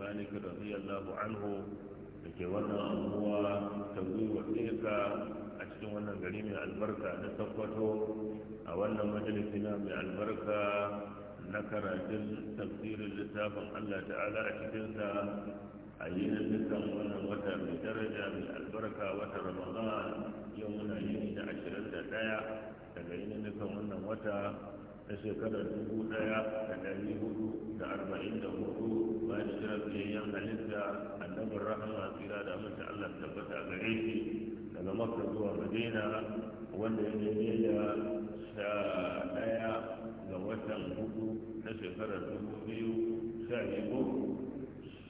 malik radiyallahu anhu da ke wannan anguwa ta gwiwa tsirka a cikin wannan gari mai albarka na tabbato a wannan majalisi na mai albarka na karatun tafsirin littafin allah ta'ala a cikinsa a yi na dukkan wannan wata mai daraja mai albarka wata ramadan yau muna da ashirin da ɗaya daga yi na dukkan wannan wata a shekarar dubu daya da dari hudu da arba'in da hudu bayan hijirar biyayyen halitta annabin rahama tsira da amince allah tabbata gare shi daga makka zuwa madina wanda ya daidai da sha daya ga watan hudu na shekarar dubu biyu sha biyu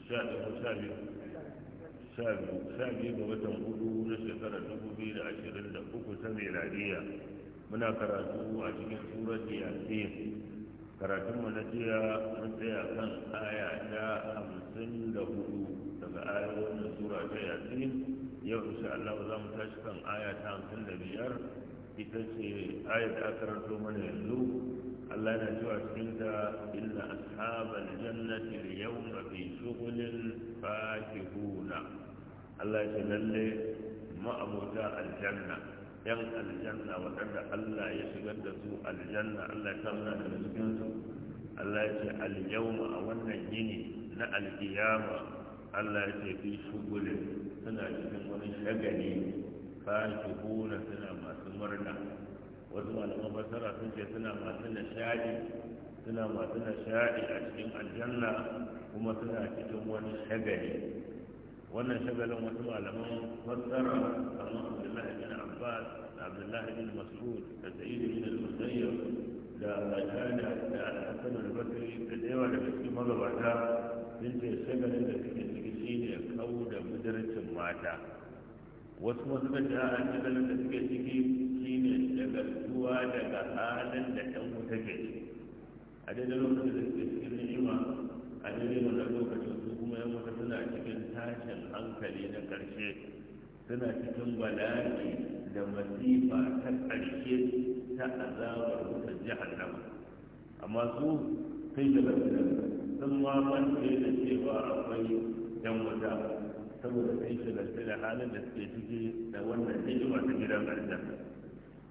sha biyu sha biyu sha biyu ga watan hudu na shekarar dubu biyu da ashirin da uku ta meladiya muna karatu a cikin surat yasin karatun mu na jiya mun tsaya kan aya ta hamsin da hudu daga ayar wannan sura ta yasin yau insha Allah za mu tashi kan aya ta hamsin da biyar ita ce aya da aka mana yanzu Allah yana cewa cikin ta inna ashabal jannati al-yawma fi shughlin fakihuna Allah ya lalle ma'abuta aljanna yan aljanna waɗanda Allah ya shigar da su aljanna Allah ya samu da cikin su Allah ya ce al a wannan yini na al Allah ya ce fi shugulin suna cikin wani shagali fashuhuna suna masu murna wasu malaman basara sun ce suna masu nishadi suna masu nishadi a cikin aljanna kuma suna cikin wani shagali وانا شغل موضوع لما فسر الله عبد الله بن عباس عبد الله بن مسعود كسيد بن المسير لا كان الحسن البكري لديه ولا في مره واحده بنت السجن التي تجسين كود مدرسه ماتا واسم المجاعة جبل تسكتك سين الجبل هو لك حالا لك متكتك هذا الوقت الذي تسكتك من عمى هذا الوقت mutanen wata suna cikin tashin hankali na ƙarshe suna cikin bala'i da masifa ta ƙarshe ta azabar wutar jahannama amma su kai da sun mamance da cewa akwai yan wuta saboda kai shi da halin da suke ciki da wannan hijima ta gidan aljanna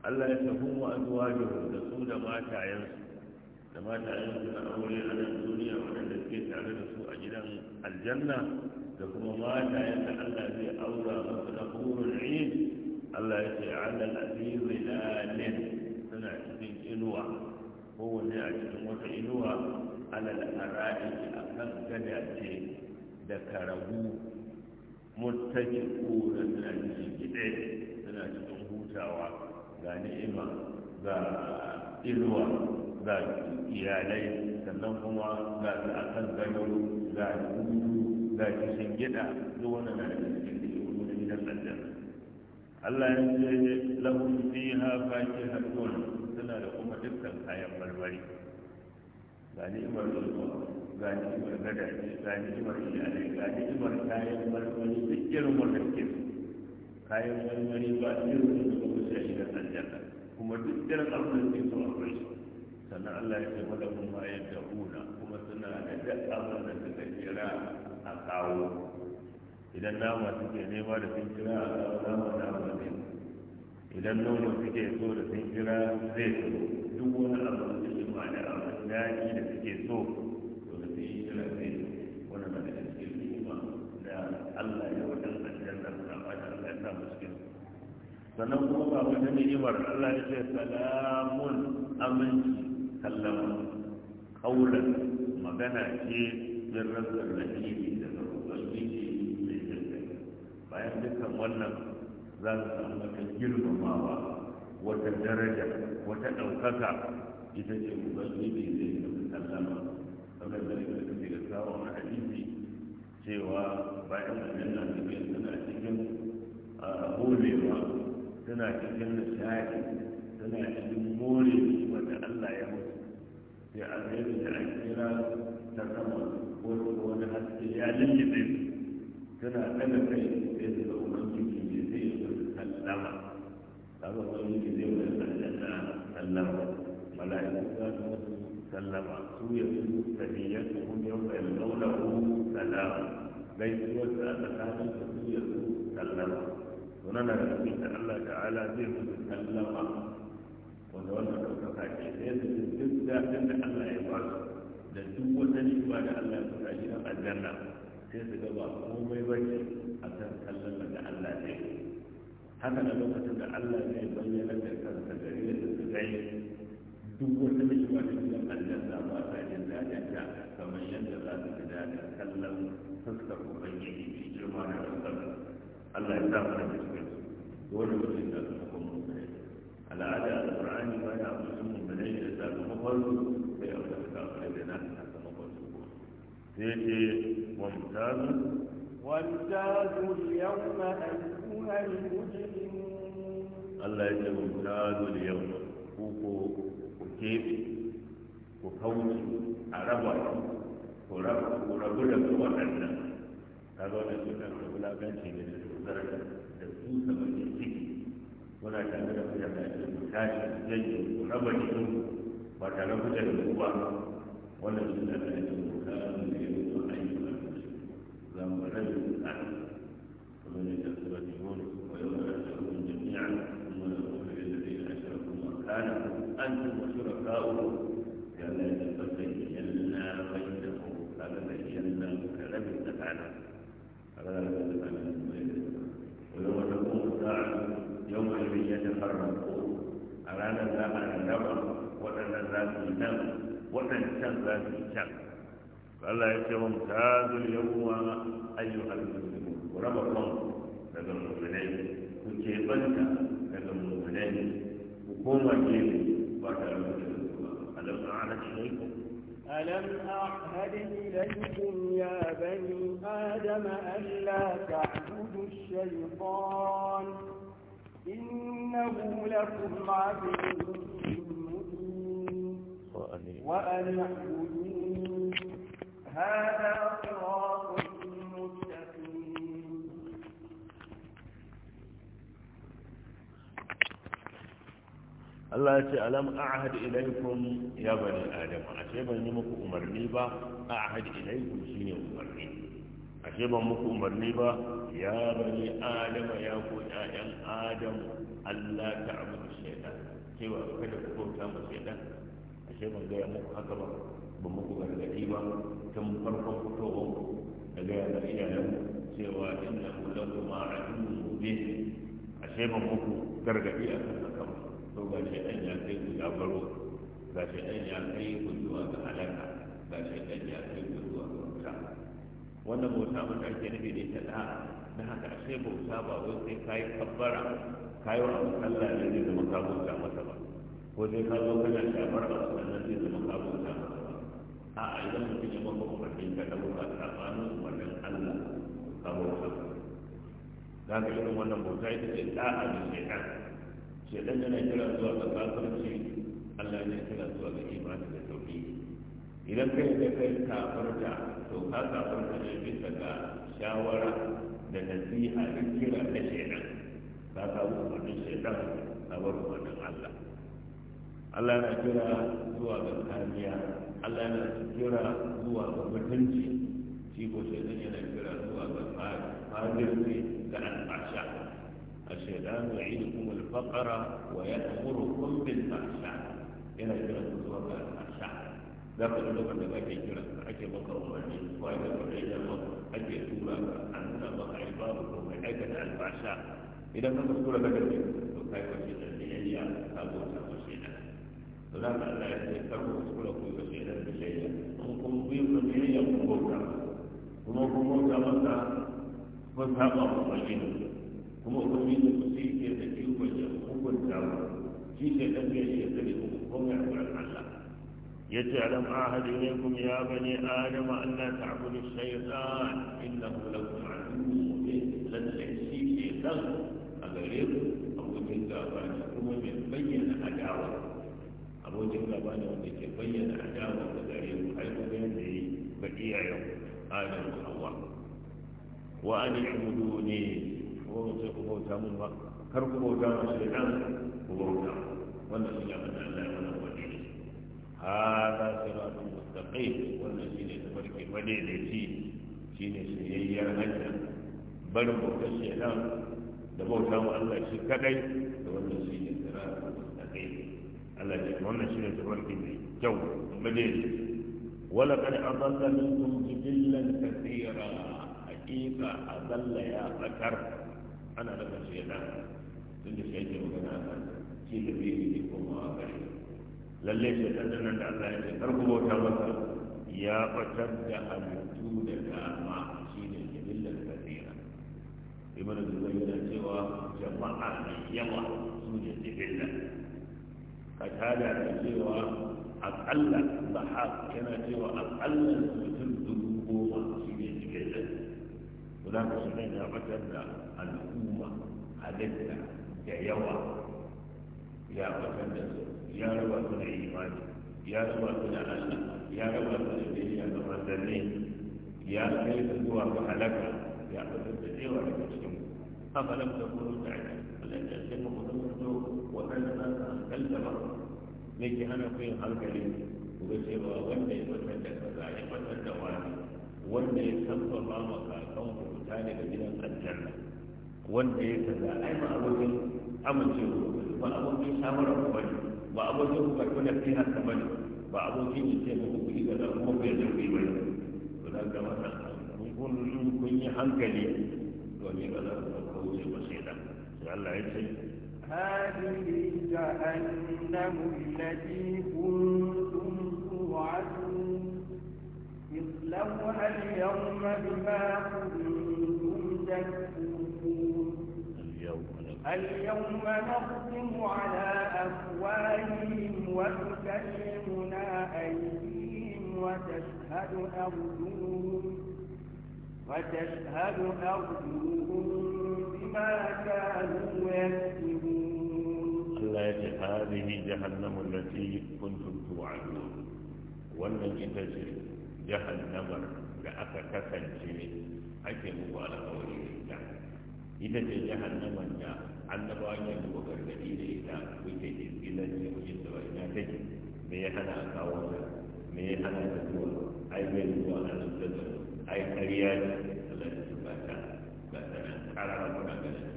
Allah ya tafi wa azwajuhu da su da matayensu kamata a yi na aure a nan duniya waɗanda suke tare da su a gidan aljanna da kuma mata yadda allah zai aura masu na burin yin allah ya ce alal azizi lalin suna cikin inuwa kowanne a cikin wata inuwa alal ara'iki a kan gadace da Mutaki, ko ƙura suna cikin gide suna cikin hutawa ga ni'ima ga inuwa za ki iyalai sannan kuma za ki a kan gado za ki hutu za ki gida. duk wannan na daga cikin da wani gidan aljanna Allah ya ce lahum fiha fakihatun suna da kuma dukkan kayan marmari ga ni'imar zuwa ga ni'imar gadaje ga ni'imar iyalai ga ni'imar kayan marmari duk irin wannan ke. kayan marmari ba irin da kuma shi a gidan aljanna kuma duk irin abin da ke so akwai shi sannan Allah ya ce wala mun ma yad'una kuma suna da duk abin da suka kira a kawo idan nama suke nema da sun kira a kawo nama nama ne idan nono suke so da sun kira zai so duk wani abu da suke ma da abin daɗi da suke so to da sun kira zai so wani na da suke ni'ima da Allah ya wajen aljanna da suna fata Allah ya sa mu cikin sannan kuma ba wata ni'imar Allah ya ce salamun aminci sallama kaulan magana ce min da nabi daga ubangiji mai dangane bayan dukkan wannan za su samu wata girmamawa wata daraja wata ɗaukaka ita ce ne zai tafi sallama kamar da ita ta daga na hadisi cewa bayan wannan na cikin suna cikin holewa ah, suna cikin nishaɗi suna cikin more da alheri da an kira ta sama ko wani haske ya lullube tana ɗaga kai sai su ga ubangiji ne sai ya zo sallama kaga ubangiji zai wani sallama sallama mala'iku za su mutu sallama su ya su tafiyyatu hun yau da yalgaunahu sallama gaisuwar da aka kanin su ya su sallama sunana da cikin Allah ta'ala zai mutu sallama wanda wannan ɗaukaka ce sai su ji duk zafin da Allah ya ba su da duk wata ni'ima da Allah ya saka shi nan aljanna sai su ga ba komai ba ce a kan kallon da Allah ne haka da lokacin da Allah zai bayyana da kansa gare da su gani duk wata ni'ima da gidan aljanna ba ta jin daɗin ta kamar yadda za su fi daɗin kallon fuskar ubangiji mai girma da ɗaukaka Allah ya sa mana cikin wani mutum da al'ada da qur'ani ba ya amsa mun da ne da sakamakon su sai a wata kafare da na sakamakon su ko sai ce wa mutazu wa mutazu yawma Allah ya ce wa mutazu yawma ku ko ku kebe ku kauce a raba ku raba ku rabu da waɗannan kaga wannan sunan da wulakanci ne da tsara da su saboda ciki ولا تعملوا الا بأجل محتاج جيد محوج وتعلموا جل القوى ولا تعملوا الا بأجل محتاج جيد ومن يتقوا الدين ويوم يسالون جميعا ثم يقول للذين اشركوا مكانكم انتم وشركاؤكم كما تبين بينكم كما بينا كلمه تفعلها هذا لم يتفعل يتفرقون أرانا ذا النبر وأنا ذا النبر وأنت ذا الشمس فالله يكتبهم هذا اليوم أيها المسلمون ورب الله daga mummunai ku keɓanta daga mummunai ku koma gefe ba tare da alam a'had ilaykum alam a'had ilaykum ya bani adam an la ta'budu ash-shaytan إنه لكم عدو مبين وأن اعبدوني هذا صراط Allah ya ce alam ahad ilaikum ya bani adam a ce ban yi muku umarni ba ahad ilaikum shine umarni ashe ban muku umarni ba ya bani adama ya ku ƴaƴan adam Allah ta abudu shaitan cewa kada ku bauta ma shaitan ashe ban gaya muku haka ba ban muku gargaɗi ba tun farkon fitowar da gaya da iyayen cewa inna hu lakum aduwwun mubin ashe ban muku gargaɗi akan haka ba to ga shaitan ya kai ku ya baro ga shaitan ya kai ku zuwa ga halaka ga shaitan ya kai ku zuwa wannan bauta abin da ake nufi da ita da'a na haka ashe bauta ba wai sai yi kabbara yi wa abu sallah ne zai zama ka bauta masa ba ko sai ka zo kana shafar abu sannan zai zama ka bauta masa ba a'a idan mutum ya maka umarnin ka ɗauka tsakanin umarnin Allah ka bauta ba za ka irin wannan bauta ita ce da'a da shaidan shaidan yana kira zuwa ga kafirci Allah ne kira zuwa ga imani da idan kai da kai kafarta to ka kafarta ne bisa ga shawara da nasiha da kira na shaidan ka kawo umarnin shaidan ka bar umarnin Allah Allah na kira zuwa ga kariya Allah na kira zuwa ga mutunci shi ko shaidan yana kira zuwa ga fadirci da al'asha الشيطان يعيدكم الفقر ويأمركم بالفحشاء إلى zuwa ga الفحشاء za ka ji lokacin da ake kira ake maka umarni wa da umarni da maka ake tura ka an nuna maka ai ko mai aikata albasha idan ka kuskura ka gaske to kai ka ce da biyayya ka zo ta ko shi da to za ka Allah ya ce kar ku kuskura ku ga shi dan biyayya kun kun biyu ka biyayya kun bauta kuma kun bauta masa kun saba wa ubangiji kuma ubangiji ku sai ke da kiwon ya hukunta ku shi ne dan biyayya ya kuma ku kuma ya Allah yace alam ahadu ilaykum ya bani adam an la ta'budu shaytan innahu lakum aduwwun mubin lalle shi shaytan a gare ku abokin gaba ne kuma mai bayyana adawa abokin gaba ne wanda ke bayyana adawa da gare ku ai kuma yanda yi ga iyayen adam da hawa wa an ya'buduni kuma mutum ku hada siratun mustaqim wannan shine tafarki madaidaici shine shiryayyar hanya barin bautar shedan da bauta mu Allah shi kadai da wannan shine siratun mustaqim Allah ya shine kyau ولقد أضل منكم جبلا كثيرا حقيقة أضل يا بكر أنا لك شيئا تنجي شيئا وكنا أنا شيء يكون ما lalle shi nan da Allah ya ce karku bauta masa ya fatar da halittu da dama shi ne jibillar kasira ibn zubair yana cewa jama'a mai yawa su ne jibilla ka tada da cewa akalla ba haka yana cewa akalla mutum dubu goma shi ne jibilla za ka shi ne ya fatar da al'umma halitta da yawa ya fatar da su ya raba su da imani ya raba su da Allah ya raba su da biyayya ga manzanni ya kai su zuwa ga halaka ya fitar da cewa da cikin afalam da kuma ta ake Allah ya ce mu kuma to waɗanda za su hankalta ba me ke hana ku yin hankali ku ga cewa wanda ya fitar da kaza ya fitar da wani wanda ya sabbaba ma kakan ku fita daga gidan aljanna wanda ya kaza ai ma abokin amincewa ba abokin shawara ku bane ba abokin ku karɓi na fi hasa ne ba abokin ya ce muku kuɗi ga zan kuma fiye da kuɗi ba to na ga wannan kun kun yi hankali domin ba za ku kauce ba sai da Allah ya ce هذه جهنم التي كنتم توعدون اصلوها اليوم بما كنتم تكفرون اليوم نختم على أفواههم وتكلمنا أيديهم وتشهد أرجلهم وتشهد أرجلهم بما كانوا يكسبون الله هذه جهنم التي كنتم توعدون wannan ita ce jahannamar da aka kasance ake ita ce jahannaman da annabawa ke duba gargadi da ita muke izgilanci muke cewa ina take me ya hana a kawo ta me ya hana ta zuwa ai bai zuwa a nan da ai ƙarya ce Allah ya tuba ta ga ta nan karara muna ganin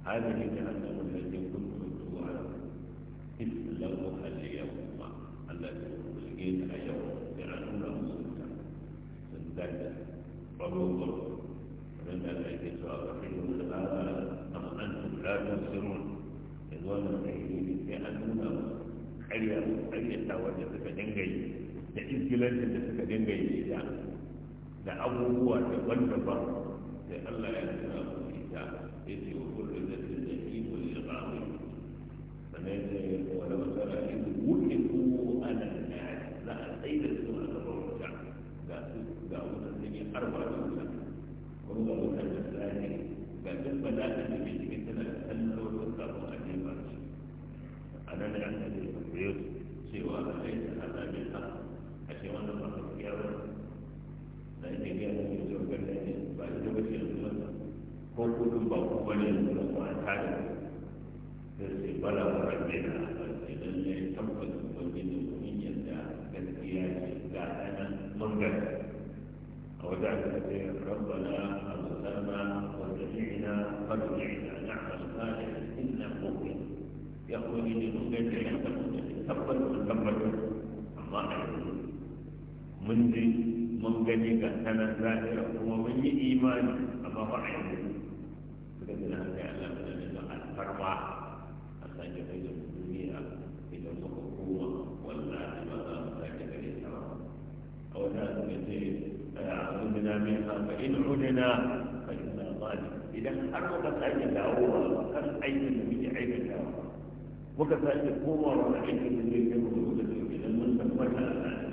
هذه جهنم التي كنتم توعدون اسلموها اليوم التي ألقيت يوم فرعون موسى سندك ومنظر الله سبحانه وتعالى أم أنتم لا تبصرون يقول المسلمين في أنهم أي أي تاوجه تكدنجي da izgilancin da suka dinga yi da abubuwa daban-daban Allah ya nuna musu ita ya wa kullum da sun da iko ya ba mu sannan ya bala'in da ke cikin tana da tallawar kafin a jefa shi a nan da an kaje da kwayo cewa a kai da hada bin a ce wannan ba ba na ita gaya da ke zuwa ganda ne ba ita ba ce yanzu ba ko kudin ba ku bane yanzu ba ku an tada sai sai bala wa rabbi da ba sai lallai tabbas ubangiji domin yadda gaskiya ce ga ɗanan mun a wajen da ta ce rabbana a musamman وسمعنا فسمعنا نعمل صالحا إنا مؤمن يقول لنبيت عندك تقبل وتقبل الله يقول من دي من gani ga sanar zahira kuma mun yi imani amma ba a yanzu suka zina haka Allah muka sake komawa a cikin da zai kai mu idan mun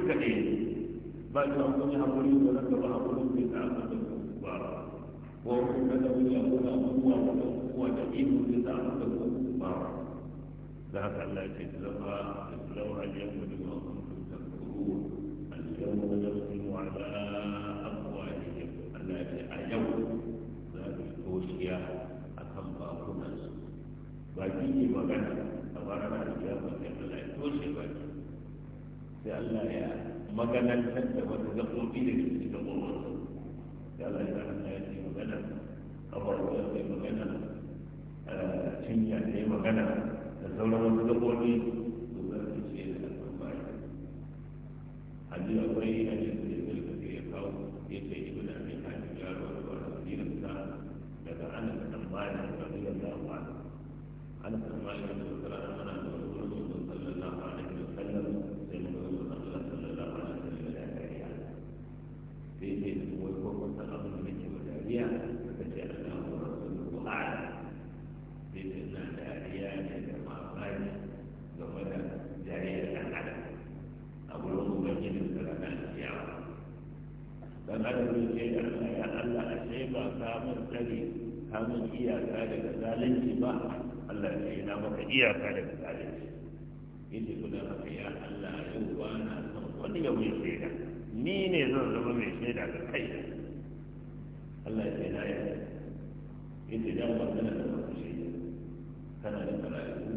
duka ɗaya ba ta kun yi hakuri da ranka ba hakurin bai ta aka da ba ko kun kada wani hakuri abubuwa da abubuwa da ihu bai ta aka da ba da haka Allah ya ce tilaba tilaba al-yawma bima kuntum takfurun al-yawma nakhtimu ala afwahihim Allah ya ce a yau za mu toshiya akan bakunansu baki ne magana a bara na da kiyama sai Allah ya toshe baki sai Allah ya maganantar da wata da ke cikin ƙwaƙwalwarsa sai Allah ya hana ya ce magana ƙabarwa sai magana cinya sai magana da sauran wasu gaɓoɓi to za su ce da al'amari hadisi akwai hadisi da ibn kafir ya kawo ya ce ibn abi hatim ya rawaito a hadisin sa daga anas bin malik radiyallahu anhu anas tsare kamun iyaka daga zalunci ba Allah ya yi na maka iyaka daga zalunci yadda kuna haka ya Allah yau ba na son wani ya mai shaida ni ne zan zama mai shaida ga kai Allah ya yi na yi yadda ya ba kana da masu shaida kana da karatu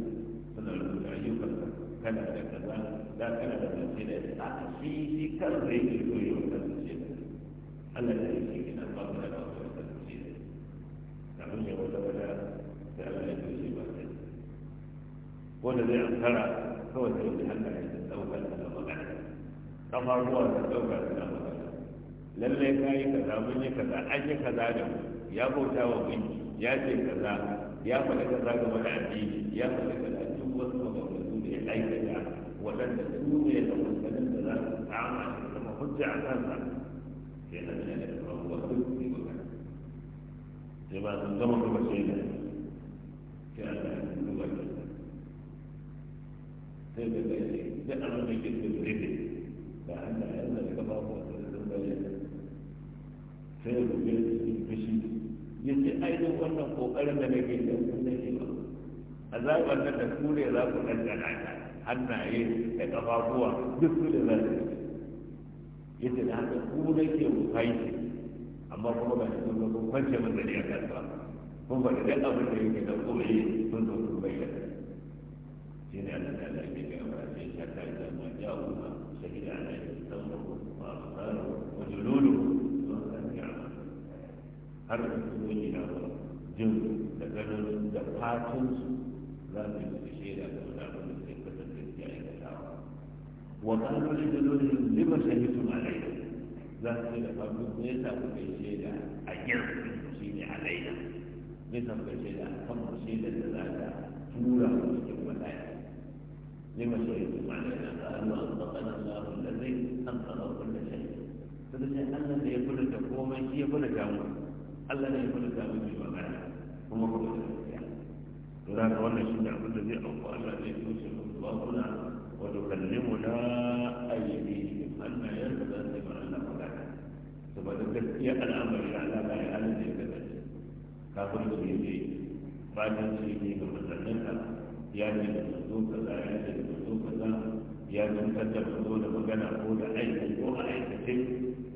kana rubuta ayyukanka kana da kaza za kana da mace da a shi shi kan zai yi koyo kan mace Allah ya yi shi kina ba kana da ne wata wata da Allah ya ce ba ta wanda zai ankara kawai da yake hanka ya dauka da magana kafaruwa da dauka da magana lalle yi kaza mun yi kaza an yi kaza da mu ya bauta wa gunki ya ce kaza ya faɗa kaza ga wani addini ya faɗa kaza duk wasu maganganu da ya aikata waɗanda su ne da wasannin da za su samu a cikin hujja a kansa sai na sai ba zama kuma sai duba sai da da abin da ke rufe ba zama ba da sai da rufe yi ya ce ai duk wannan kokarin da nake da wannan ba nan da ku ne za ku ɗanɗana ta hannaye da ƙafafuwa duk su ne za su yi da haka ku nake mu amma kuma ba shi kwance min da ya karba kun faɗi abin da yake da kuma yi zo kun bayyana shi ne Allah da Allah ke gaba sai ya ta yi zama ya kuma shahida na yi zama wa abusara wa jululu har da su yi ba jin da ganin da fatan su za su yi su shaida da abin da sai kasance ya aikatawa wa kan kashe da lima shahidun alaihi za su ce da faru ne ya sa kuka shaida a girkin shi ne a laida ne sa kuka shaida a kan mu shaida da za ta tura mu cikin bala'i ne ma shaida da ma'ana da Allah an tsakana Allah da zai an tsara kulla shaida to da sai Allah ne ya kula da komai shi ya kula da mu Allah ne ya kula da mu bi magana kuma kuma da gaskiya to da wannan shi ne abin da zai auku Allah ne ya tushe mu ba kuna wa tukallimuna ayyuhi masa gaskiya al'amari Allah ba ya halin da ya kasance kafin da ya ce bayan shi ne ga masallanka ya ce da manzo kaza ya ce da manzo kaza ya zantar da manzo da magana ko da aiki ko a aikace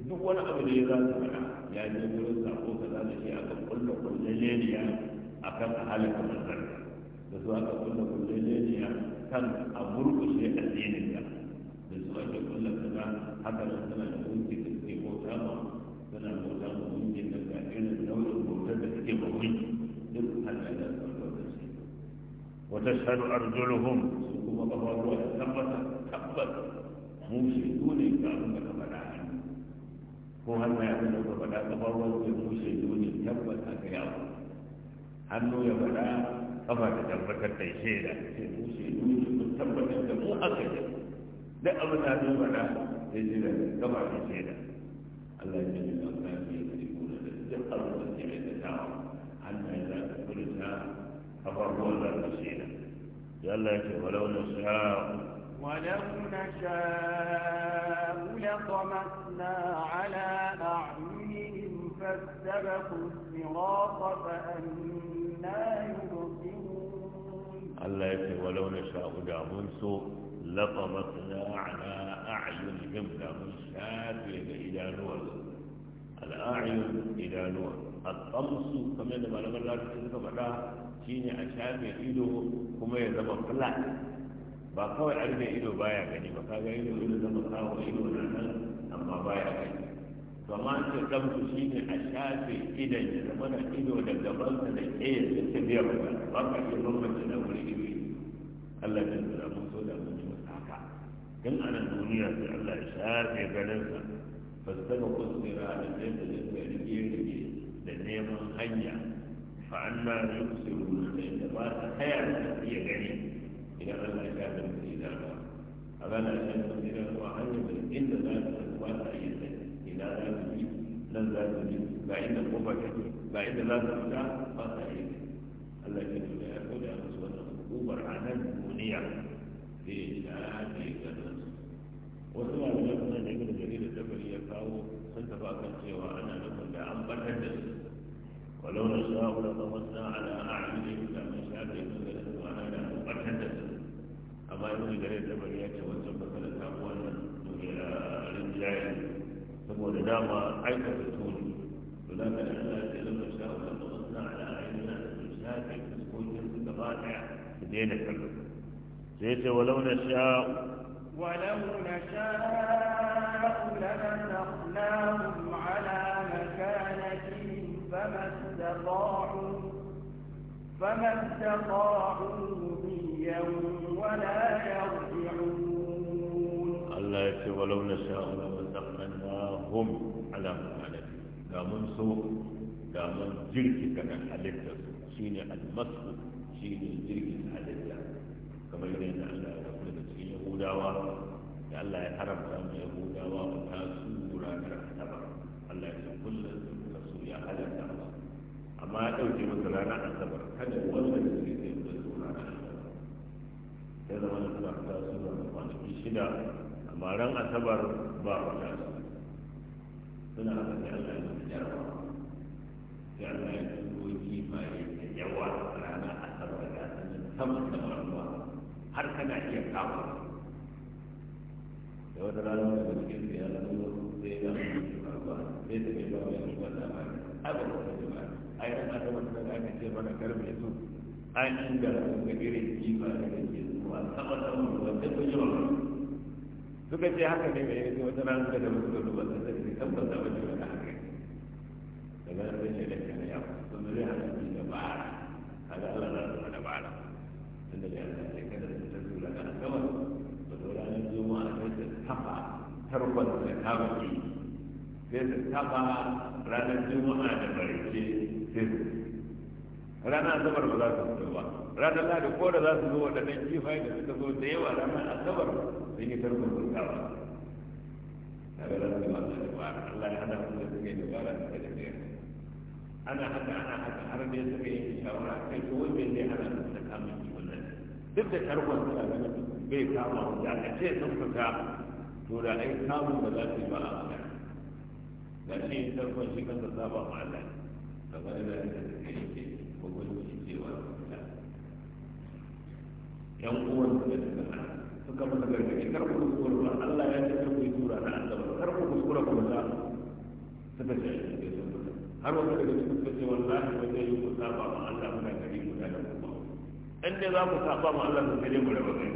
duk wani abu da ya za su faɗa ya je wurin sako kaza da shi aka kulla kullalleniya a kan a halaka masallanka da su aka kulla kullalleniya kan a murkushe addinin da da su ake kulla kaza haka nan suna da gunki da suke bauta ma وتشهد ارجلهم ثم ظهر الروح ثبت ثبت مفسدون يفعلونك بلاء هو هل ما يعملون بلاء تفرد مفسدون ثبت اكياب هنو يا بلاء ثبت ثبت التيسير مفسدون ثبت ثبت مؤكد لا ابدا هذه بلاء تيسير كما تيسير التي الأقلام يكذبون للدقة التي عندهم عما إذا كبرتها أفرضوا على المسيرة لك ولو نشاء ولو نشاء لطمسنا على أعينهم فاستبقوا الصراط فأنا يبصرون التي ولو نشاء جامنسو لطمسنا على أعينهم جامنسو al'afi ga idanuwa al'ayun idanuwa al'amsu kamar da malaman lafiya suka faɗa shi ne a shafe ido kuma ya zama flat ba kawai an da ido baya gani ba kaga ido ido zama kawo ido na nan amma baya gani kama ce ɗanku shi ne a shafe idan ya zama da ido da gabansa da ƙeyar da ta biya ba ba ka iya bambance da wuri iri Allah ya zura mun so da mun كان على الدنيا في الله شاهد يقلنها فاستنوا قصر على الناس الذي يجري لنيما هيا فعما يكسر من الانتباط حياة هي غنية إلى أن أشاهد من الإدارة أبانا أشاهد من الإدارة وعن إن ذات الانتباط أي ذات إلى ذات الجيب لن ذات الجيب بعيد القبكة بعيد ذات فقط kawo sun tafi akan cewa ana nufin da an da su walau na da ala da su ana da an da su amma gare da bari ya ce ta rinjaye saboda dama aikata tuni to za da ya ala da su gaba daya su daina sai ce walau na ولو نشاء لمسخناهم على مكانتهم فما استطاعوا فما استطاعوا مضيا ولا يرجعون الله يكفي ولو نشاء لمسخناهم على مكانتهم دا من سوء دا من جرك كان حلتهم شيني المسخ شيني جرك حلتهم كما يريد الله yahudawa da Allah ya haramta mu yahudawa ku ta su ranar asabar Allah ya ce kullum sun ka so ya halatta ba amma ya ɗauke masa ranar asabar kada wanda da suke sai da su ranar asabar sai zama da suka ta su kwanaki shida amma ran asabar ba ku ta su suna haka sai Allah ya zama jarabawa sai Allah ya turo kifaye da yawa ranar asabar da sanin sama da ruwa har kana iya kama da wata rana da cikin da ya zama sai yi zama shi karba sai da ke ba mai rubar da ba abin da ta ba ai an ta wata da aka ce mana karbe su an yi da ga irin kima da ke zuwa sama sama da wanda ku yi wa suka ce haka ne mai yanzu wata rana da musu da rubar da ta ce tabbata ba ce wani haka daga nan sai shi da ke na yau zai hana shi da bara kaga Allah za su hana bara tun da ya hana tarkon da kama ke sai su taba ranar juma'a da barice sai su ranar asabar ba za su zo ba ranar ladi ko da za su zo waɗannan kifaye da suka zo da yawa ranar asabar sun yi tarkon da kama daga za su masu dabara Allah ya hada su suke dabara da suka da ana haka ana haka har ne suka yi shawara kai ko wanda zai hana su da kama kiwon nan duk da tarkon da bai kama da aka ce sun fita to da ai samun ba za su yi ba a magana da shi tarkon shi kansa saba ma Allah kamar da da take yake hukunci cewa yan uwan su da suka hana suka masa kar ku kuskura ba Allah ya ce ku yi tura na Allah kar ku kuskura ku ta suka ce har wata daga cikin suka ce wallahi ba zai yi ku saba ma Allah muna gari guda da kuma in dai za ku saba ma Allah ku sai mu raba kai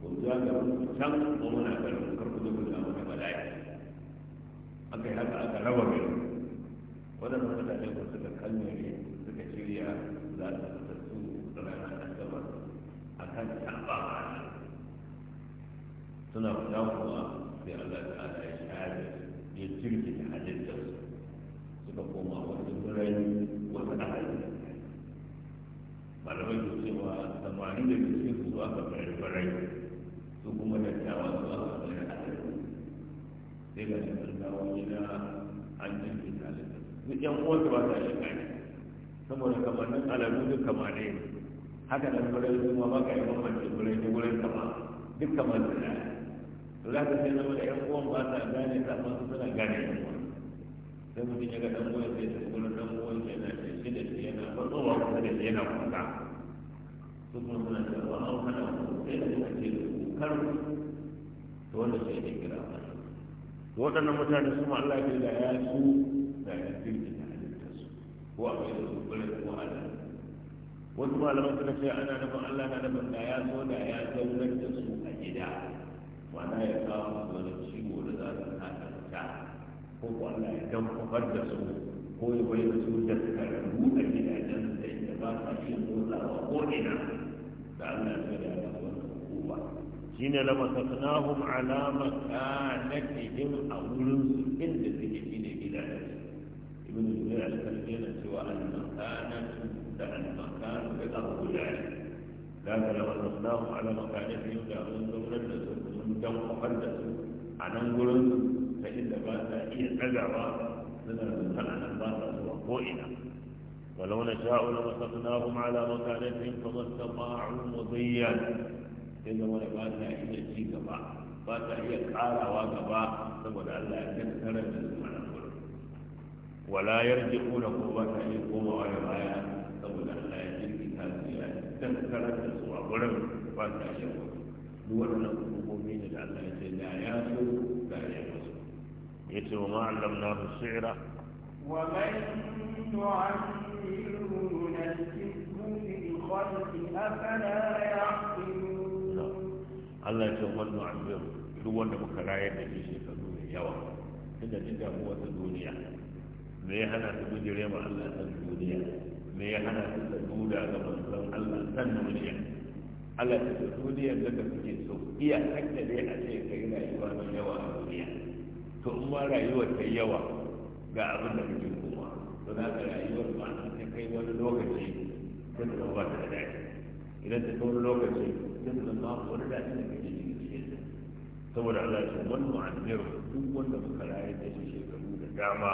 ku ja ga can ko muna gari ku zo ku samu na bala'i aka yi haka aka raba gari waɗannan mutane ku suka kalmere suka shirya za su fita su ranar asabar a kan nan. suna fita kuma sai Allah ta ta'ala ya shahada ya jirgin su suka koma wani birai wata ahali malamai ke cewa samari da ke cikin su aka bayar birai su kuma dattawa su aka sai ga shi an dawo gida an jirgin talibin yan uwansa ba sa shiga ne saboda kamannin alamu duk kama haka nan wurin kuma ba ka yi bambanci wurin ne wurin kama duk kama da ne to za ka sai zama da yan uwan ba sa gane sabon su suna gane yan uwan sai mutum ya ga dan uwan sai ta wurin dan uwan yana shi da shi yana farkowa da shi yana kuka su kuma suna cewa an hana sai da suka ce kar to wanda sai ne kira waɗannan mutane su ma Allah ya da ya su da ya firki da halitta su ko a bai da su kula da ko ala wasu malaman suna ce ana nufin Allah na nufin da ya so da ya zaunar da su a gida ma'ana ya kawo su wani ciwo da za su hada ta ko ko Allah ya dan kufar da su ko ya bai da su da karatu a gidajen da ya ba sa iya motsawa ko ina da Allah ya da shine la masaknahum ala makanatihim a wurin su inda suke shine su, ibn zubair al-kalbi yana cewa al-makanatu da al-makanu da abu guda ne da ka la masaknahum ala makanatihim da mun da su mun dan da su a nan gurin ta inda ba sa iya tsagawa suna zuwa nan ba sa zuwa ko ولو نشاء لمسكناهم على مكانتهم فما استطاعوا مضيا sai zama da ba ta iya ci gaba ba ta iya karawa gaba saboda Allah ya tattara da su mana gurin wala yarji kuna ko ba ta iya komawa da baya saboda Allah ya jirgi jirgita su ya tattara da su a gurin ba ta iya gurin duk waɗannan hukumomi ne da Allah ya ce da ya so da ya so ya ce wa ma'allamnahu shi'ra ومن نعمره نسكه في الخلق أفلا يعقل Allah ya ce wannan amir duk wanda muka rayar da shi shekaru mai yawa tunda jin damuwa ta duniya me ya hana ta bijire ma Allah ta duniya me ya hana ta saduda ga manzon Allah ta duniya Allah ta ce duniyar da ka kake so iya hakka dai a ce kai rayuwa mai yawa a duniya to in ma rayuwar ta yawa ga abin da kake kuma to za ka rayuwar ma ta kai wani lokaci ta ba ta da daɗi idan ta kai wani lokaci da Allah wani daɗi da kake cikin cikin saboda Allah ce wannan annabi duk wanda muka rayar da shi shekaru da dama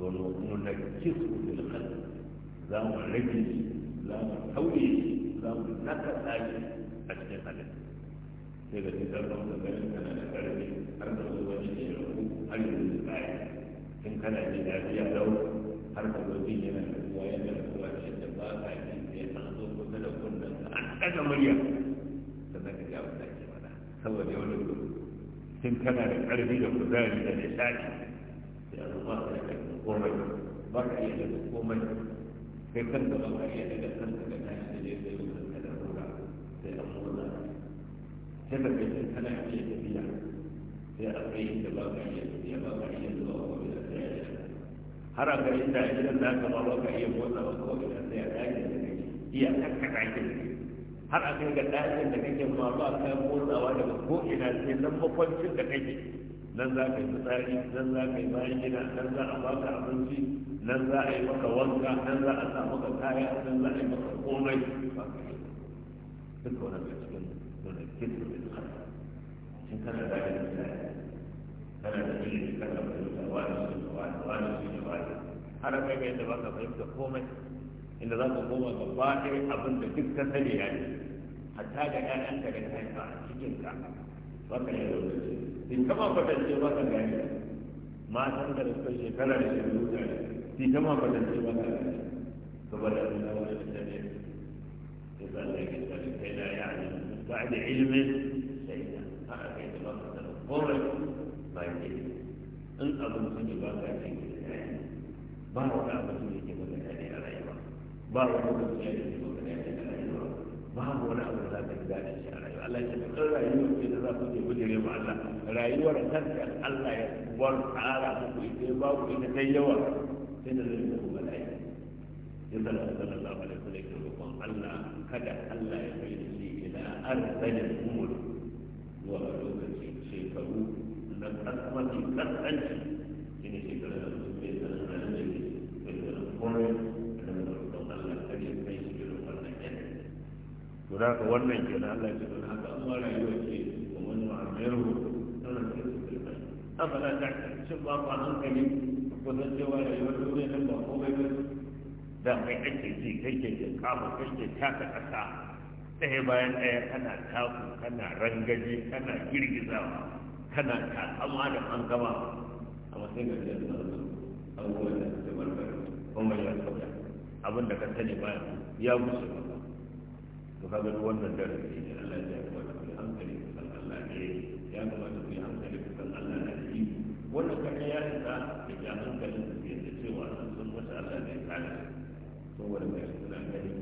to mun na kisu fil qalbi za mu rage shi za mu tauye shi za mu nakasa shi a cikin halitta sai da cikin ɗan da ganin kana da ƙarfi har da zuwa wani shekaru har yanzu baya in kana ji lafiya lau har ka zo jin yana da ruwa yana da ruwa da ba ka ji sai an zo kusa da kunnen an ɗaga murya saboda yau da tun kana da ƙarfi da kuzari da nishaɗi da ruwa da komai ba ka iya daga komai kai kanka ba ka iya daga kanka da tashi da zai zai wutar ka da ruwa sai an motsa sai ka kai kana iya tafiya sai a kai inda ba ka iya tafiya ba ka iya zuwa ko da sai a har a kai inda a gidan da ka ba ba ka iya motsa ba ko da sai a kai da kai iya kanka kai har a kai ga ɗakin da kake zuwa ba ka motsawa daga ko ina sai nan makwancin da kake nan za ka yi fitsari nan za ka yi bayan gida nan za a baka abinci nan za a yi maka wanka nan za a sa maka kaya nan za a yi maka komai ba ka yi duk wannan da cikin nuna kitu da duka shin kana da ga misali kana da ilimi kana da wani shi wani wani shi wani har kai ga yadda ba ka fahimta komai inda za ka koma ga ɗaya abin da duk ka sani ya ne hatta da ƴaƴanka da haifa a cikin ka ba ka yi lokaci in kama kwatance ba ka gani matan da suka shekara da shekaru da in kama kwatance ba ka gani saboda ba da wani da ne ya san da ke tsari kai da ya ne ba da ilimin sai da a kai da ba ka da komai ba ke in abin sani ba ka cikin ba wani abin ba wani lokaci ya yi ba da rayuwa ba wani abu da za ka dace shi a rayuwa Allah ya ce kan rayuwa ce da za ku je gujere ma Allah rayuwar kanta Allah ya bar tsara muku ita ba ita yawa sai da zai muku bala'i ya zala sallallahu alaihi wa sallam roƙon Allah kada Allah ya kai shi ila arzalin umur zuwa lokaci shekaru na kasmanci kaskanci shine shekaru da mutum bai sanar da yake bai sanar Za ka wannan kenan Allah ya ce don haka an wara yi wake wa wani ma'amiru tana da su kai abala ta shin ba ku hankali ko zan ce wa rayuwar duniya nan ba komai ba da kai kake ji kai ke kama kai ke taka kasa ɗaya bayan ɗaya kana taku kana rangaje kana girgizawa kana takama da an gama a matsayin gajiyar da abubuwan da su barbara kuma ya sauya abin da ka sani baya ya musu kaga duk wannan darasi ne Allah ya kamata mu hankali san Allah ne ya kamata mu hankali san Allah na ji wannan kaga ya isa da ya hankalin su ke da cewa sun masa Allah ne kana saboda mai suna gani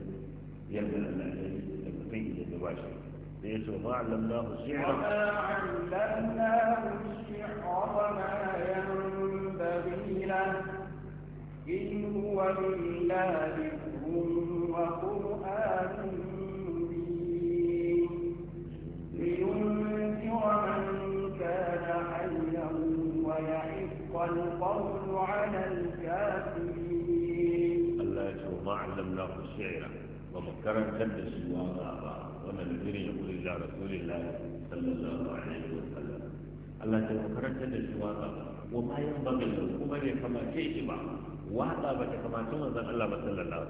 yadda Allah ya yi da kai da ya ba shi da ya ce ma allamnahu shi'ra ma allamnahu shi'ra wa ma yanbaghi lahu إن هو إلا ذكر وقرآن Allah ya ma alam na ku shaira ba mu karantar da shi ba wannan jirin ya kuri da rasulun lai sallallahu alaihi wa sallam Allah ya ma karantar da shi ba wa ma yin ba kuma bai kama ce shi ba waɗa ba ta kama tun wanzan Allah ba sallallahu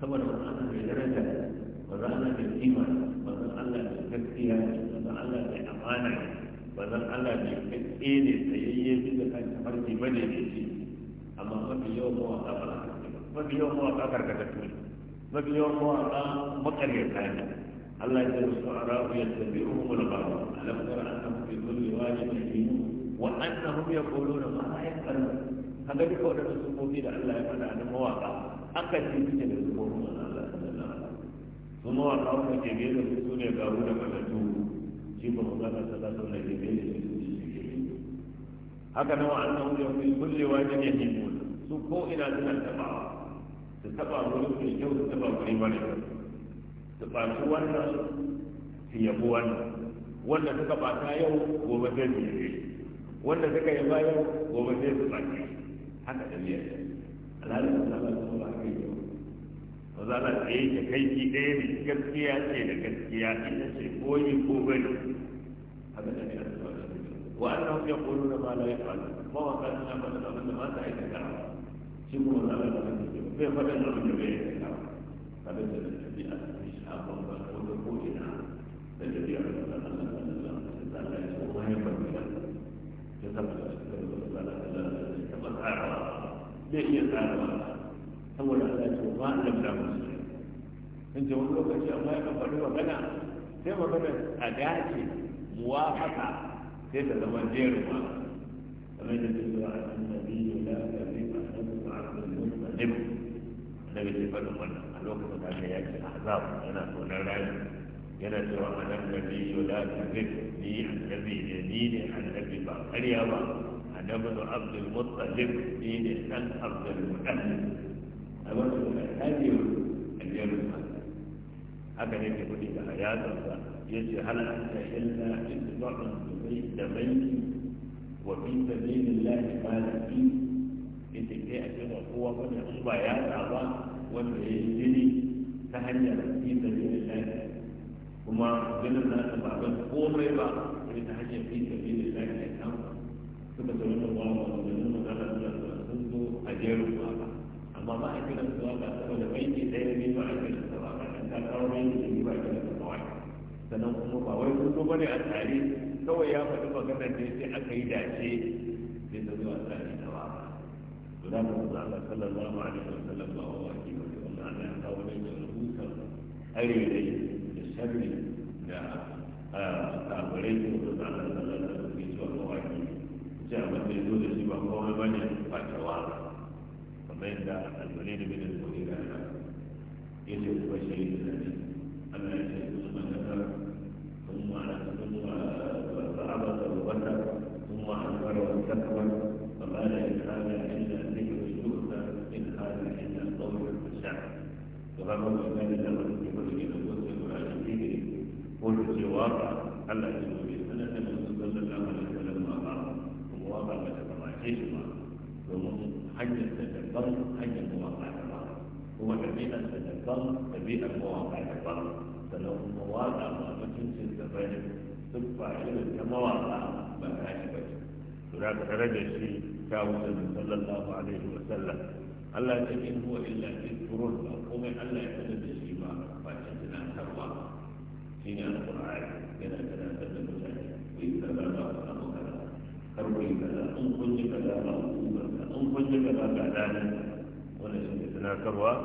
saboda wani ana mai daraja wani ana mai kima wani Allah mai gaskiya wani Allah mai amana ne manzon Allah ne kace ne tsayayye bisa kan tafarki bane ne shi amma mafi yawan mawaka ba haka mafi yawan mawaka karkatattu ne mafi yawan mawaka makaryata ne Allah ya ce su arabu yattabi'uhum al-ghawa alam tara annahum fi dhulli wajin yahimun wa annahum yaquluna ma la yaqulun kaga duka wadannan sufofi da Allah ya faɗa na mawaka aka ce suke da sufofin Allah sallallahu alaihi wasallam su mawaka wanda ke gaisu su ne garu da malatu shi ba mu zaka ta zaka na gebe ne haka nan ya kulle su ko ina suna tabawa su taba wuri kyau su taba wuri su ɓaci wannan su wannan wanda suka ɓata yau gobe su wanda suka yi bayan gobe su haka da biyar alhalin da su ba maza na tsaye eh, da kai ki ɗaya ne gaskiya ce da gaskiya ita ce koyi ko gani haka da ne wa an nan ya koyo da mala ya faru ba wa kan na faɗa da abin ba ta yi da shi kuma wani ala da wani ke bai faɗa da abin bai aika da abin da da bi a cikin shi a ba ko da ko ina da da a cikin da Allah da Allah da Allah ya so wani ba da ya saba da shi da Allah da Allah da ya taɓa tsarawa zai iya tsarawa saboda Allah ce ma Allah da musu in ce wani lokaci amma ya kan faɗi magana sai magana a dace muwafaka sai ta zama jerin ma kamar da duk da annabi la kadhiba annabi ma'al mustaqim annabi ce faɗin wannan a lokacin da aka yaki azab yana tonar rayu yana cewa annabi la kadhib ni annabi ne ni ne annabi ba ƙarya ba annabi abdul muttalib ni ne dan abdul muttalib التوسل الهادي اليوم الثاني هكذا يكتب لي حياته يجي هل انت الا اتباع دمي وفي سبيل الله ما لك ita kai a cikin kowa wanda su ba ya ba wanda ya yi jini ta hanyar fi da jini lafiya kuma jinin na ta baban komai ba sai ta hanyar fi da jini lafiya kan suka zama da ba wa da nuna zalar da sun zo a jerin ba amma ma'aikatar su ba saboda baiti ɗaya ne ma'aikatar su ba kan ta kawo baiti ne ba ke da kawai sannan kuma ba wai sun ba ne a tare kawai ya faɗi maganar da sai aka yi dace sai ta zuwa tare da ba to da mu zuwa Allah sallallahu alaihi wa sallam ba wa waki ba da wannan Allah ya kawo baiti da rubuta arewa da sharri da kafirai da zuwa Allah sallallahu alaihi wa sallam ba waki ce abin da ya zo da shi ba komai ba ne ba ta kamar yadda alwalid bin al-mughira ya ce kuma shi ne Allah ya ce kuma nazar kuma kuma fa'aba wa wata kuma anfara wa takbar fa qala in hada illa dhikr shuhda in hada illa qawl al-sha'r وهذا ما كان له في كل جنود وعلى كل جوار الله البر طبيعة المواقع البر فلو مواقع ما تنسي الزبائن تبقى علم كمواقع ما تعجبك هناك خرج الشيء كاوزا صلى الله عليه وسلم ألا تجد هو إلا في ذكر وقوم ألا يعلم الشيء ما فاتتنا حين فينا القرآن كذا كذا كذا مجاهد وإذا لا أمر كذا أروي كذا أنقذ كذا أو أنقذ كذا بعد ذلك ونسيت تذاكر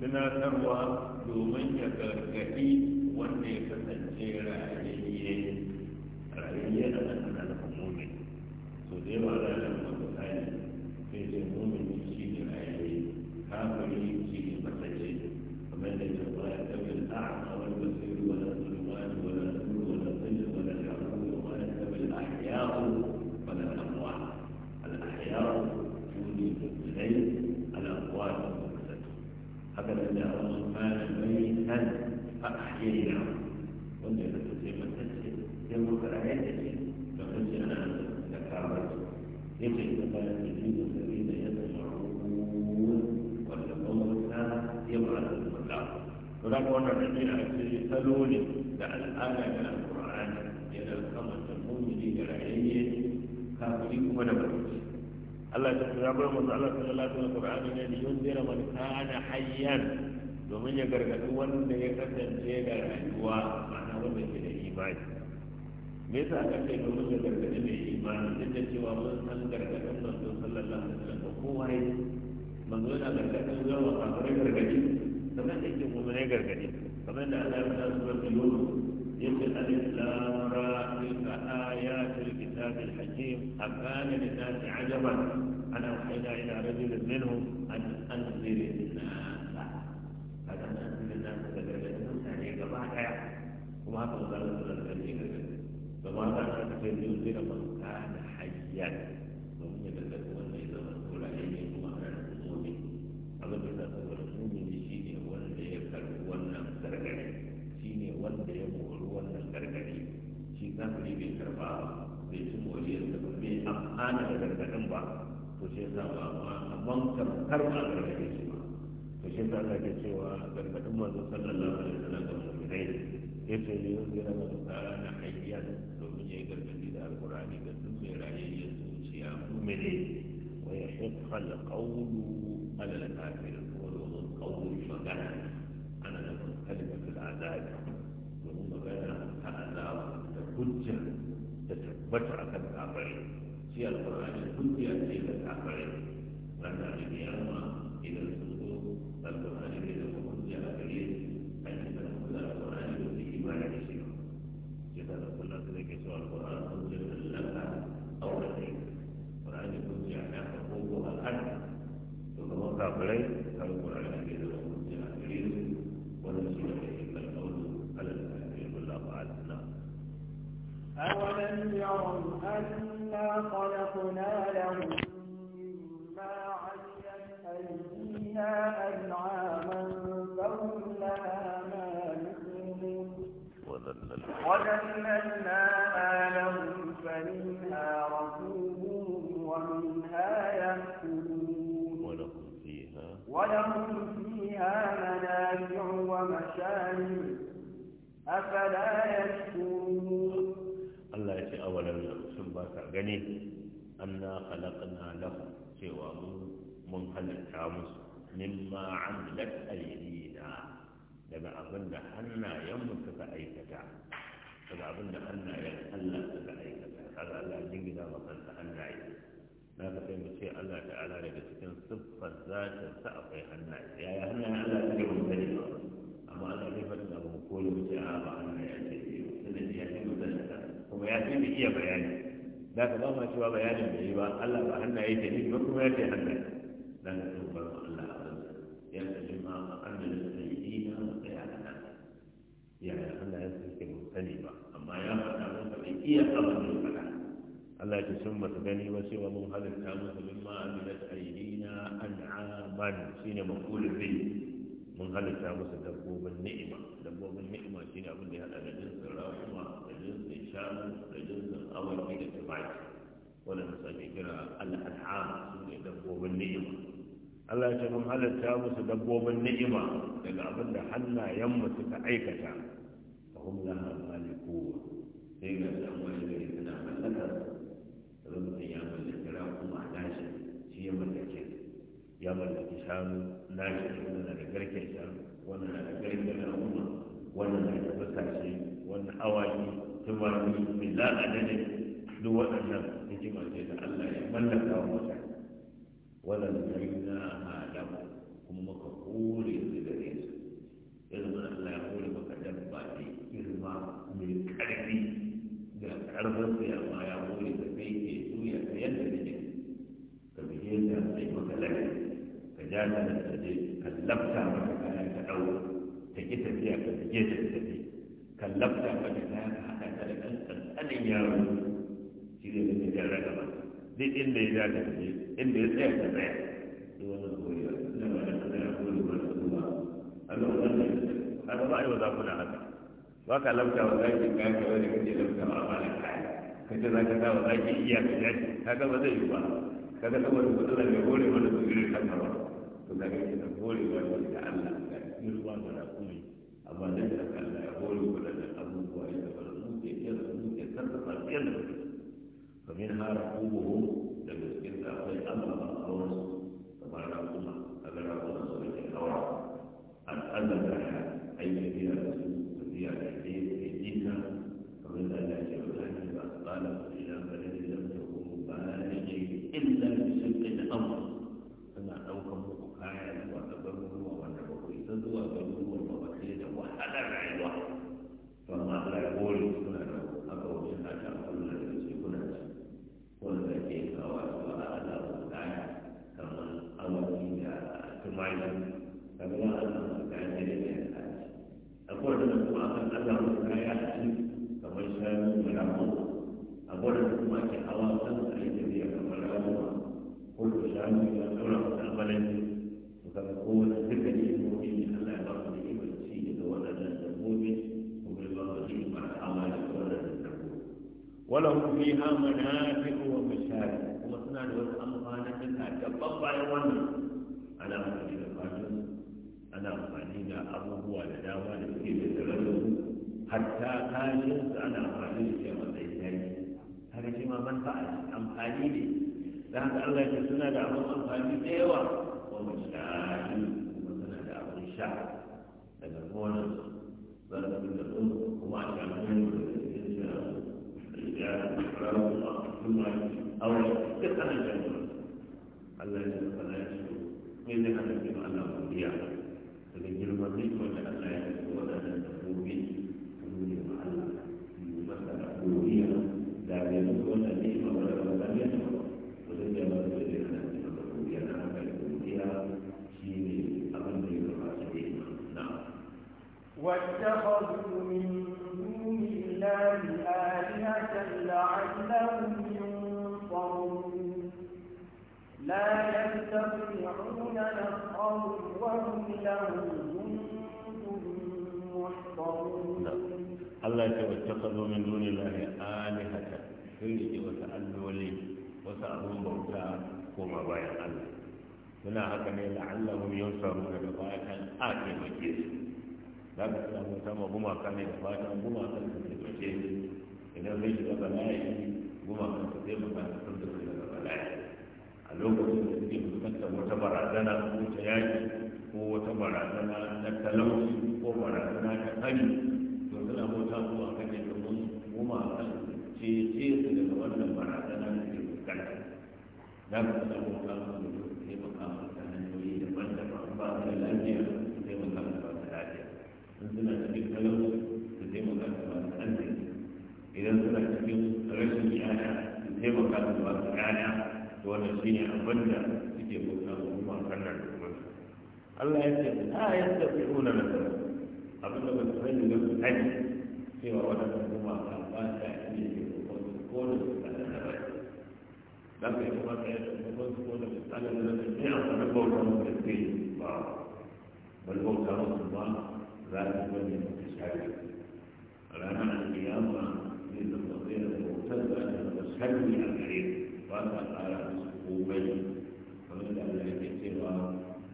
tunatarwa domin ya gargaɗi wanda ya kasance rayayye rayayye a nan ana nufin mumin so da yawa ranar mafisani sai ce mumin shi ne rayayye kafiri haka da wasu malamai nan a ahyayya wanda ya fito sai matacce sai muka rayar da shi da kanci ana da kawar ya ce ta bayan da ji da sari da ya zama ruwan wanda gwamnata ya ba da mutla to da wannan ɗabi'a ce salo ne da al'ada da al'ƙur'ani yana kamata mumini da rayayye kafiri kuma da mutunci Allah ta ya bar mu Allah ta alaihi wasallam Qur'ani ne da yunzira man kana hayyan domin ya gargadi wanda ya kasance da rayuwa ma'ana wanda ke da imani me yasa aka ce domin ya gargadi mai imani duk da cewa mun san gargadin manzo sallallahu alaihi wasallam da kowa ya manzo yana gargadin yawa kafirai gargadi kamar da yake ne gargadi kamar da Allah ya sanar da yau yake alif lam ra tilka ayat الكتاب الحكيم أكان لذات عجبا أن أوحينا إلى رجل منهم أن أنذر الناس هذا أن أنذر الناس فجعلهم يعني كضحكة وما تغزل الكثير فما كان أكثر ينذر من كان حيا to shi yasa ba a bankar har ma a gargaɗe shi ba to shi yasa aka cewa gargaɗin manzo sallallahu alaihi wasallam ga mu'minai yace ne yau zai rama da kana hayyan domin yayi gargaɗi da alqur'ani ga duk mai rayayyen zuciya mu'mini wa yahiqqa alqawlu ala alkafir wa domin qawlu magana ana da kalmatul azab domin magana ta azaba da hujja da tabbata akan kafare shi alqur'ani hujja ce da عليه اولم يروا انا خلقنا لهم مما عليت ايدينا انعاما فهم لها مالكون وذللناها gani amna khalaqna lahu cewa mu mun halatta musu mimma amilat aydina daga abin da mu suka aikata daga abin da hannayen Allah suka aikata kaga Allah ya jingina ma kansa hannaye na ka sai mu ce Allah ta'ala daga cikin siffar zatin sa akwai hannaye yaya hannayen Allah suke mun sani ba amma Allah zai faɗi da mu ko mu ce a ba hannaye ya ce sai da ya ce mu sani kuma ya ce mu iya bayani da ka ba ma cewa bayanin da yi ba Allah ba hannaye ke nufi ba kuma ya ce hannaye dan ka tuba ma Allah a banza ya ka ji ma Allah ya ce yi na tsaya a nan ya ya Allah ya ce ke mun sani ba amma ya faɗa mun ka bai iya abin da ya faɗa Allah ya ce sun ba su gani ba cewa mun halitta musu min ma amilat aydina an'aman shine maqulun bi mun halitta musu dabbobin ni'ima dabbobin ni'ima shine abin da ya hada da jinsin raƙuma da jinsin shanu da jinsin awaki da ni'mat wannan su ake kira al-an'am su ne dabbobin ni'ima Allah ya ce mun halatta musu dabbobin ni'ima daga abin da hannayenmu suka aikata fa hum laha malikun sai ga dan wani gari suna mallakar da mutum ya mallaki raƙuma nashi shi ya mallake ya mallaki shanu nashi wannan da garken shanu wannan da garken raƙuma wannan da tafasa shi wannan awaki tumaki bila adadin duk waɗannan hikima ce da Allah ya mallaka wa mutane wannan zaina alamu kuma muka kore su da su yanzu mana Allah ya kore maka dabba ne girma mai ƙarfi da ƙarfin sa ya ma ya kore da kai ke tuya ta yadda ne ka bige ta sai maka lafiya ka ja ta da ta je ka lafta maka kaya ka ɗau ta ki tafiya ka bige ta tafi ka lafta maka kaya ka haɗa ta da ɗan ƙanƙanin yaro duk inda ya dace ka inda ya tsaya ka tsaya duk wannan koyar ina ba da tsaya ko da kuma Allah wannan haka ba ai ba za ku na haka ba ka lauta wa zaki ka ka wani kaje lauta ma ba na kai kace za ka dawo zaki iya ka dace haka ba zai yi ba kaga saboda Allah bai hore mana su irin haka ba to kaga ki da hore wani da Allah ka yi ruwa da kuma amma dan da Allah ya hore wannan abubuwa da ba su ke iya su ke sarrafa yadda kamar yana rahuguhu daga cikin ɗafai allama a wani su kamar rahuguna a ga rahuguna su da ke aiki fa'ida kaga za a samu kayan daidai da ya kaci akwai da kuma akan ɗaga musu kaya a ci kamar shanu da ramu akwai da kuma ake hawa kan a yi tafiya kamar ramuwa ko da shanu ya ɗaura musu albalanci to kaga kowane duka ne ko ne Allah ya ba mu da ikon ci daga waɗannan dabbobi ko bai ba mu da ikon hawa da waɗannan dabbobi ولهم فيها منافع abubuwa da dama da suke da tsirarsu hatta kashin su ana amfani da shi a matsayin yaki haka shi ma manfa'a amfani ne da haka Allah ya suna da abin amfani da yawa wa mashayi kuma suna da abin sha daga gonan zarafin da tsoro kuma a shafin da cikin shi da rarrafa kuma aure duk ana jami'a Allah ya suna da shi ne zai hana shi ma Allah ya umarni wanda Allah ya yi waɗannan dabbobi a nuna ma Allah masa da godiya da bai musu wannan ni'ima ba da ba zai ta ba ba zai ya ba zai da yana da masa godiya na haka da godiya shi ne abin da ya zama shi ne na واتخذوا من دون الله آلهة لعلهم ينصرون لا يستطيعون نصرهم وهم لهم محضرون الله واتخذوا من دون الله آلهة سيدي وتألوا لي وسألهم بوتا كما بايا الله هنا هكذا لعلهم ينصرون لغاية آتي مجيس لا بس لهم تم بما كان لغاية بما كان مجيس إذا بيش لبلاي بما كان تتبع ما تصدق لبلاي a lokacin da suke fuskantar wata barazana ko ta yaki ko wata barazana na talauci ko barazana ta hari to suna bauta zuwa a kan yadda mun goma a kan ce su daga wannan barazana da ke fuskanta za ka suna bauta su da su taimaka mu ta hanyoyi ban da ba a da lafiya su taimaka mu ba su lafiya in suna cikin talauci su taimaka mu ba su arziki idan suna cikin rashin yana su taimaka mu ba da yana to wannan ne abin da suke bauta mu الله يكتب لا يستطيعون مثلا قبل ما تخرج من الحج في ورثتهما خلقان تأتيه ويصدقون لم يكن هناك لكن بالسنة التي جاءت من موت المسلمين والموت رسول لا يكون من المسلمين الآن عن القيامة من المسلمين المعتزة أن المسلمين الكريم وأن الآية مسكوبين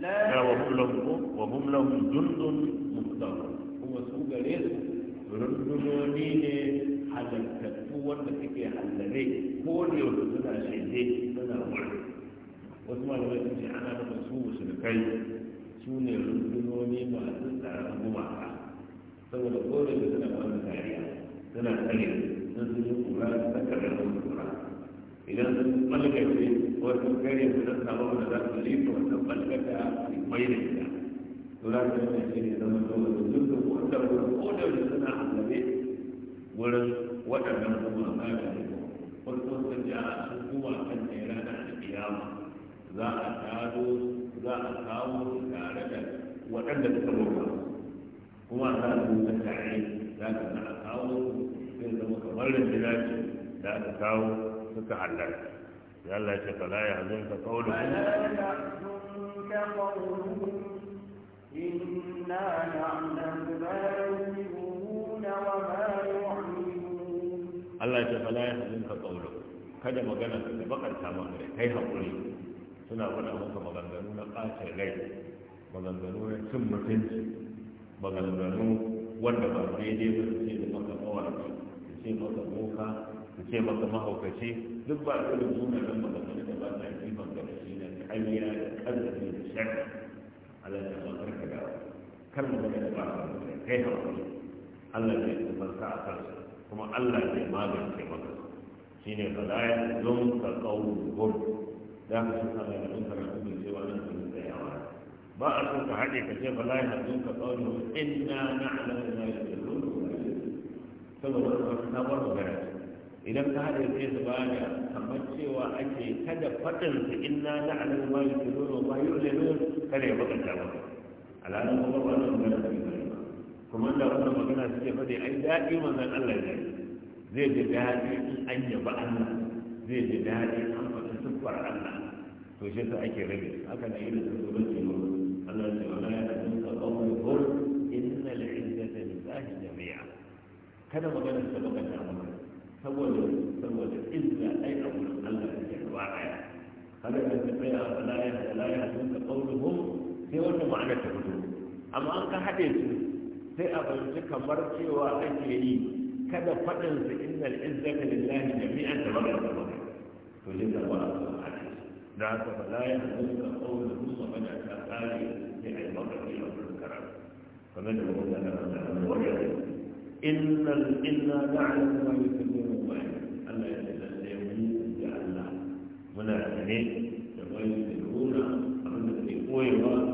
لا وهم لهم وهم لهم جند مختار هو سوق ليس رجل مين حاجة كتوة تكي حاجة لي كون يوجدنا شيء لي لنا واحد وسمع الوقت في حنا نمسوه سنكي سون رجل مين مهدد لعنبو معها سوى لقول يوجدنا مهدد تاريا سنة تاريا نزل القرآن تكرر القرآن إذا ملك يوجد wasu gare su don samu da za su liƙa wannan balkata su mai da gida to za su shi ne zama da duk da wanda ko da suna hanzabe wurin waɗannan gumaka da rikon wasu sun ji a sun gumakan ne ranar da kiyama za a za a kawo su tare da waɗanda suka bauta kuma za a zo ta tare za ka na a kawo su zai zama kamar da jiragen da aka kawo suka halarta ya Allah ce fala ya hazun ka kaulu ka kaulu inna na'lamu ma yusiruna wa ma yu'linun Allah ce fala ya hazun ka kaulu kada magana ka da bakanta maka da kai hakuri suna faɗa maka maganganu na ƙacin rai maganganu na cin mutunci maganganu wanda ba daidai ba su ce da maka kawai su ce maka boka ce maka mahaukaci duk ba irin munanan maganganu da ba sa yi maganganu na ƙarya da ƙarfi da shakka Allah ya zama karka da kar mu da ba ka da kai hawa Allah zai kubarta a kansa kuma Allah zai magance maka shine bala ya zon ka kawo gol da ka shi Allah da dukkan abin da cewa nan sun tsayawa ba a so ka haɗe ka ce bala ya zon ka kawo gol inna na'lamu ma yadullu saboda na tabar da idan ka haɗa sai su ba da kamar cewa ake kada faɗin su inna na alam ma yi tuno ma yi ulenu kada ya bakanta maka alalan kuma wannan magana su yi kuma da wannan magana suke faɗi ai daɗi manzon Allah ne zai ji daɗi in an yaba Allah zai ji daɗi an faɗi siffar Allah to shi sa ake rabe haka na irin su zuwa ce Allah ce wala ya tafi ka kawai hur inna al-izzata lillahi jami'a kada magana ta bakanta maka saboda saboda izza ai a wurin Allah da ke ruwa aya kada ka tafi a balaya da balaya sun ka qauluhum sai wata ma'ana ta fito amma an ka hade su sai a bayyana kamar cewa ake yi kada fadin su innal izzata lillahi jami'an da ba ta ba to ne da ba a da haka balaya sun ka qauluhum wa bada ta kare sai ai magana da karatu kamar da wannan da wannan wajen inna inna na'lamu ma Allah ya lalle mu da Allah muna sane da wani da nuna abin da ke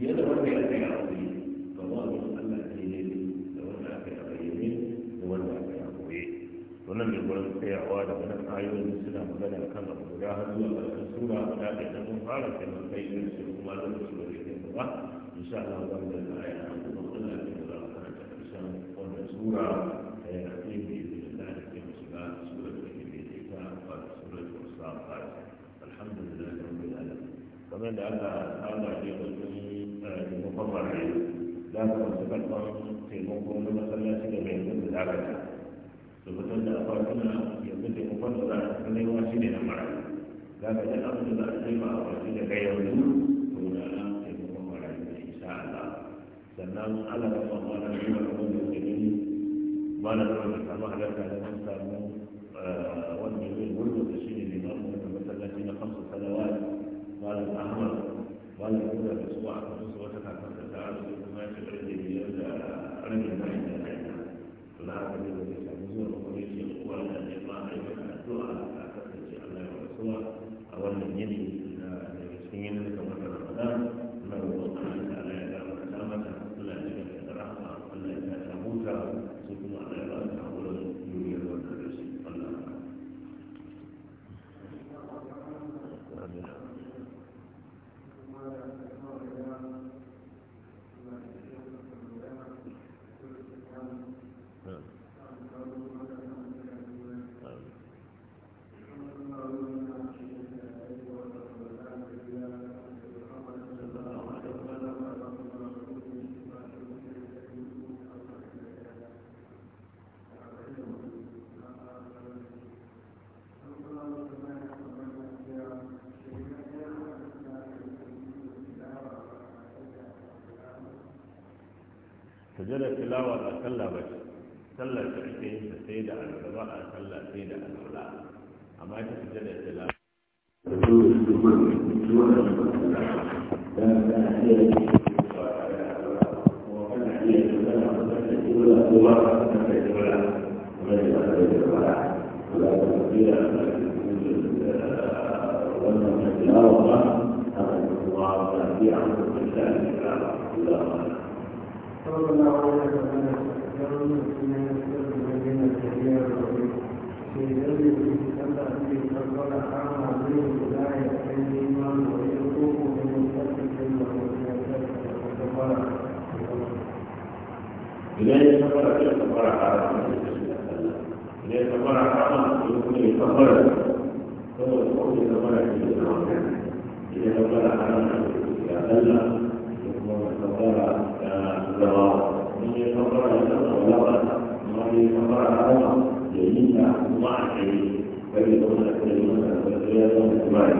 fiye da wanda ya kai aure ga wani Allah ne ne da wanda aka yi bayyane da wanda aka yi koye to nan ne gurin tsayawa da wannan ayoyin suna magana kan abu guda har zuwa ƙarshen sura guda da ta mun fara sai mun kai ƙarshe kuma lokaci ba zai kai ba insha Allah za mu da ayi a kuma Allah ne da za mu karanta ƙarshen wannan sura ta yi a cikin biyu da ta ke mu shiga sura da ke mai ita ba da sura da wasu alhamdulillah da wani alamu kamar da Allah ta Allah ne taimakon marayu za ka masu karɓar taimako na masallaci da mai yanzu da dakata su fitar da akwatuna yanzu taimakon da za a fi nema shi ne na marayu za ka ji abin da za a taima a kwaci daga yanzu to na taimakon marayu da insha Allah sannan Allah ya ba mu shi ne kuma da yake ni ba na zama da samu halarta da mun samu sujjada tilawa ba sallah ba shi. sallah Thank you.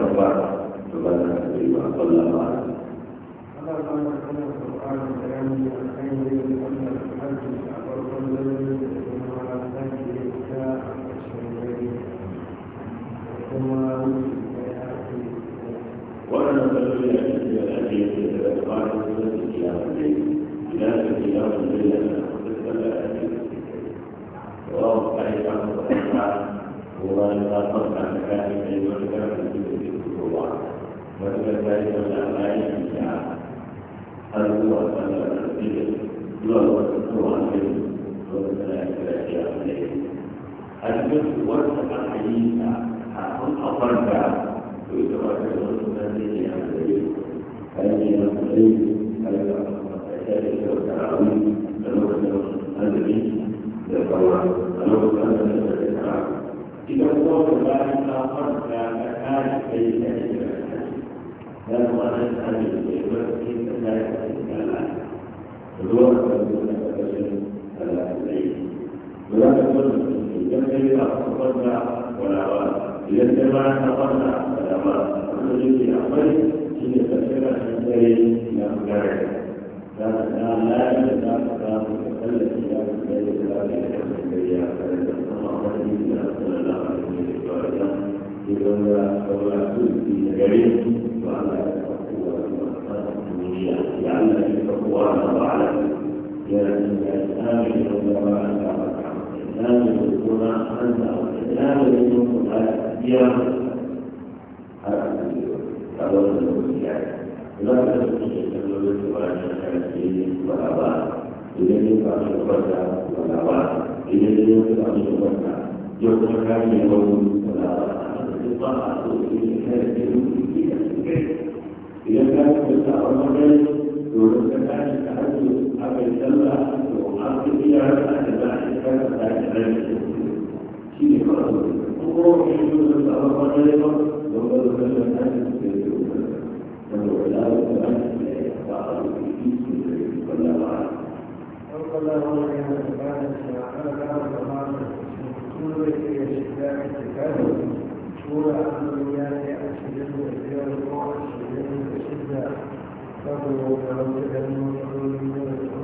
لا يجوز أنت لا يجوز أنت لا يجوز أنت هذا هو المسيح لا تجوز التكنولوجيا ولا التكنولوجيا ولا بعض إليه بعض الوضع ولا بعض إليه بعض الوضع يوم كان يوم ولا بعض الطاعة إلى كان يستعمل يوم كان يستعمل أبي سلمة an fi iya rasa da za a yi kasa da ake rage shi ne kawai ko kuma shi ne da sabon kwanar ba don ba da kan da ake da ya yi da ba da ba da da ba a da ya yi kwallon ya yi da ba da da ba da da ke da shi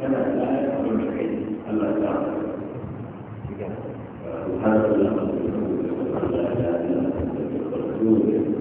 kada da ya kawo da kai Allah ta وهذا الأمر الذي الله